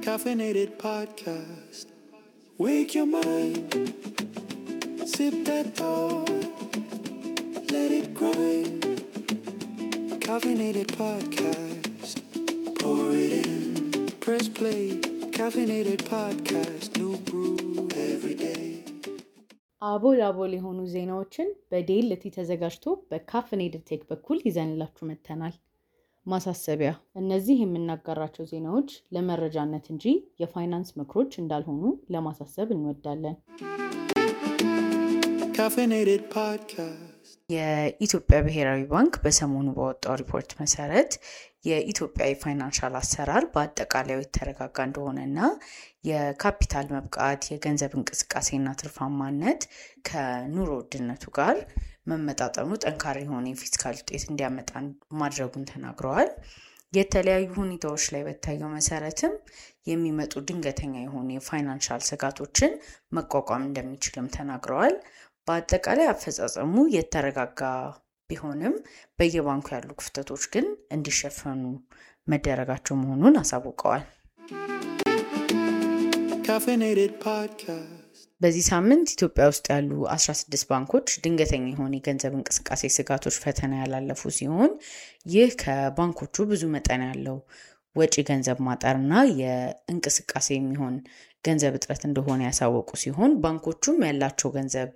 Caffeinated podcast. Wake your mind. Sip that thought. Let it grind. Caffeinated podcast. Press play, caffeinated podcast, new brew every day. አቦል አቦል የሆኑ ዜናዎችን በዴልቲ ተዘጋጅቶ በካፍኔድ ቴክ በኩል ይዘንላችሁ መጥተናል። ማሳሰቢያ፣ እነዚህ የምናጋራቸው ዜናዎች ለመረጃነት እንጂ የፋይናንስ ምክሮች እንዳልሆኑ ለማሳሰብ እንወዳለን። ካፍኔድ ፖድካስት የኢትዮጵያ ብሔራዊ ባንክ በሰሞኑ በወጣው ሪፖርት መሰረት የኢትዮጵያ የፋይናንሻል አሰራር በአጠቃላዩ የተረጋጋ እንደሆነና የካፒታል መብቃት፣ የገንዘብ እንቅስቃሴና ትርፋማነት ከኑሮ ውድነቱ ጋር መመጣጠኑ ጠንካራ የሆነ የፊስካል ውጤት እንዲያመጣ ማድረጉን ተናግረዋል። የተለያዩ ሁኔታዎች ላይ በታየው መሰረትም የሚመጡ ድንገተኛ የሆኑ የፋይናንሻል ስጋቶችን መቋቋም እንደሚችልም ተናግረዋል። በአጠቃላይ አፈጻጸሙ የተረጋጋ ቢሆንም በየባንኩ ያሉ ክፍተቶች ግን እንዲሸፈኑ መደረጋቸው መሆኑን አሳውቀዋል። በዚህ ሳምንት ኢትዮጵያ ውስጥ ያሉ 16 ባንኮች ድንገተኛ የሆነ የገንዘብ እንቅስቃሴ ስጋቶች ፈተና ያላለፉ ሲሆን ይህ ከባንኮቹ ብዙ መጠን ያለው ወጪ ገንዘብ ማጠርና የእንቅስቃሴ የሚሆን ገንዘብ እጥረት እንደሆነ ያሳወቁ ሲሆን ባንኮቹም ያላቸው ገንዘብ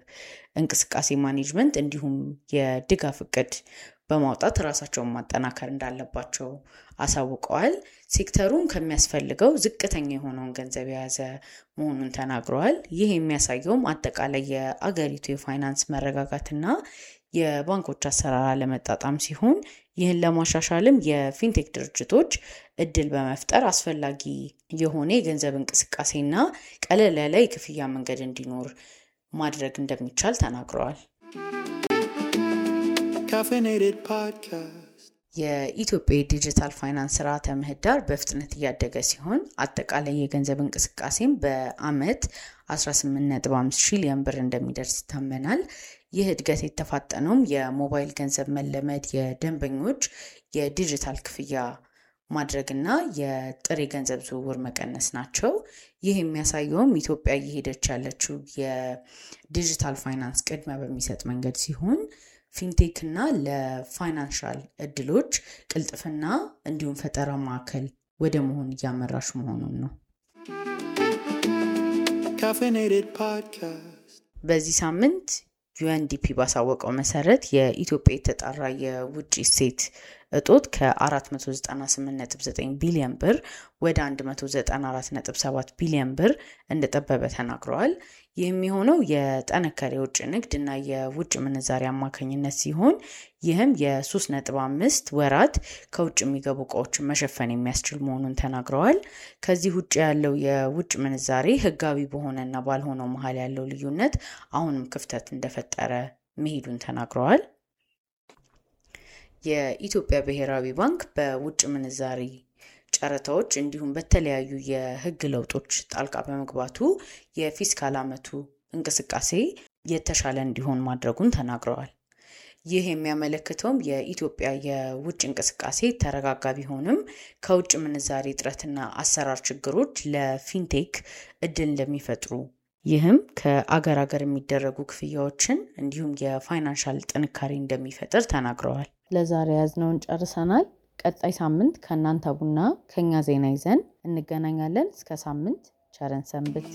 እንቅስቃሴ ማኔጅመንት እንዲሁም የድጋፍ እቅድ በማውጣት ራሳቸውን ማጠናከር እንዳለባቸው አሳውቀዋል። ሴክተሩም ከሚያስፈልገው ዝቅተኛ የሆነውን ገንዘብ የያዘ መሆኑን ተናግረዋል። ይህ የሚያሳየውም አጠቃላይ የአገሪቱ የፋይናንስ መረጋጋትና የባንኮች አሰራር አለመጣጣም ሲሆን ይህን ለማሻሻልም የፊንቴክ ድርጅቶች እድል በመፍጠር አስፈላጊ የሆነ የገንዘብ እንቅስቃሴና ቀለል ያለ የክፍያ መንገድ እንዲኖር ማድረግ እንደሚቻል ተናግረዋል። የኢትዮጵያ ዲጂታል ፋይናንስ ስርዓተ ምህዳር በፍጥነት እያደገ ሲሆን አጠቃላይ የገንዘብ እንቅስቃሴም በአመት 18.5 ሚሊዮን ብር እንደሚደርስ ይታመናል። ይህ እድገት የተፋጠነውም የሞባይል ገንዘብ መለመድ፣ የደንበኞች የዲጂታል ክፍያ ማድረግና የጥሬ ገንዘብ ዝውውር መቀነስ ናቸው። ይህ የሚያሳየውም ኢትዮጵያ እየሄደች ያለችው የዲጂታል ፋይናንስ ቅድሚያ በሚሰጥ መንገድ ሲሆን ፊንቴክ እና ለፋይናንሻል እድሎች ቅልጥፍና እንዲሁም ፈጠራ ማዕከል ወደ መሆን እያመራች መሆኑን ነው። በዚህ ሳምንት ዩኤንዲፒ ባሳወቀው መሰረት የኢትዮጵያ የተጣራ የውጭ ሴት እጦት ከ498.9 ቢሊዮን ብር ወደ 194.7 ቢሊዮን ብር እንደጠበበ ተናግረዋል። የሚሆነው የጠነከረ የውጭ ንግድ እና የውጭ ምንዛሪ አማካኝነት ሲሆን ይህም የሶስት ነጥብ አምስት ወራት ከውጭ የሚገቡ እቃዎችን መሸፈን የሚያስችል መሆኑን ተናግረዋል። ከዚህ ውጭ ያለው የውጭ ምንዛሬ ህጋዊ በሆነና ባልሆነው መሀል ያለው ልዩነት አሁንም ክፍተት እንደፈጠረ መሄዱን ተናግረዋል። የኢትዮጵያ ብሔራዊ ባንክ በውጭ ምንዛሪ ጨረታዎች እንዲሁም በተለያዩ የህግ ለውጦች ጣልቃ በመግባቱ የፊስካል ዓመቱ እንቅስቃሴ የተሻለ እንዲሆን ማድረጉን ተናግረዋል። ይህ የሚያመለክተውም የኢትዮጵያ የውጭ እንቅስቃሴ ተረጋጋ ቢሆንም ከውጭ ምንዛሬ እጥረትና አሰራር ችግሮች ለፊንቴክ እድል እንደሚፈጥሩ ይህም ከአገር አገር የሚደረጉ ክፍያዎችን እንዲሁም የፋይናንሻል ጥንካሬ እንደሚፈጥር ተናግረዋል። ለዛሬ ያዝነውን ጨርሰናል። ቀጣይ ሳምንት ከእናንተ ቡና ከኛ ዜና ይዘን እንገናኛለን። እስከ ሳምንት ቸረን ሰንብት።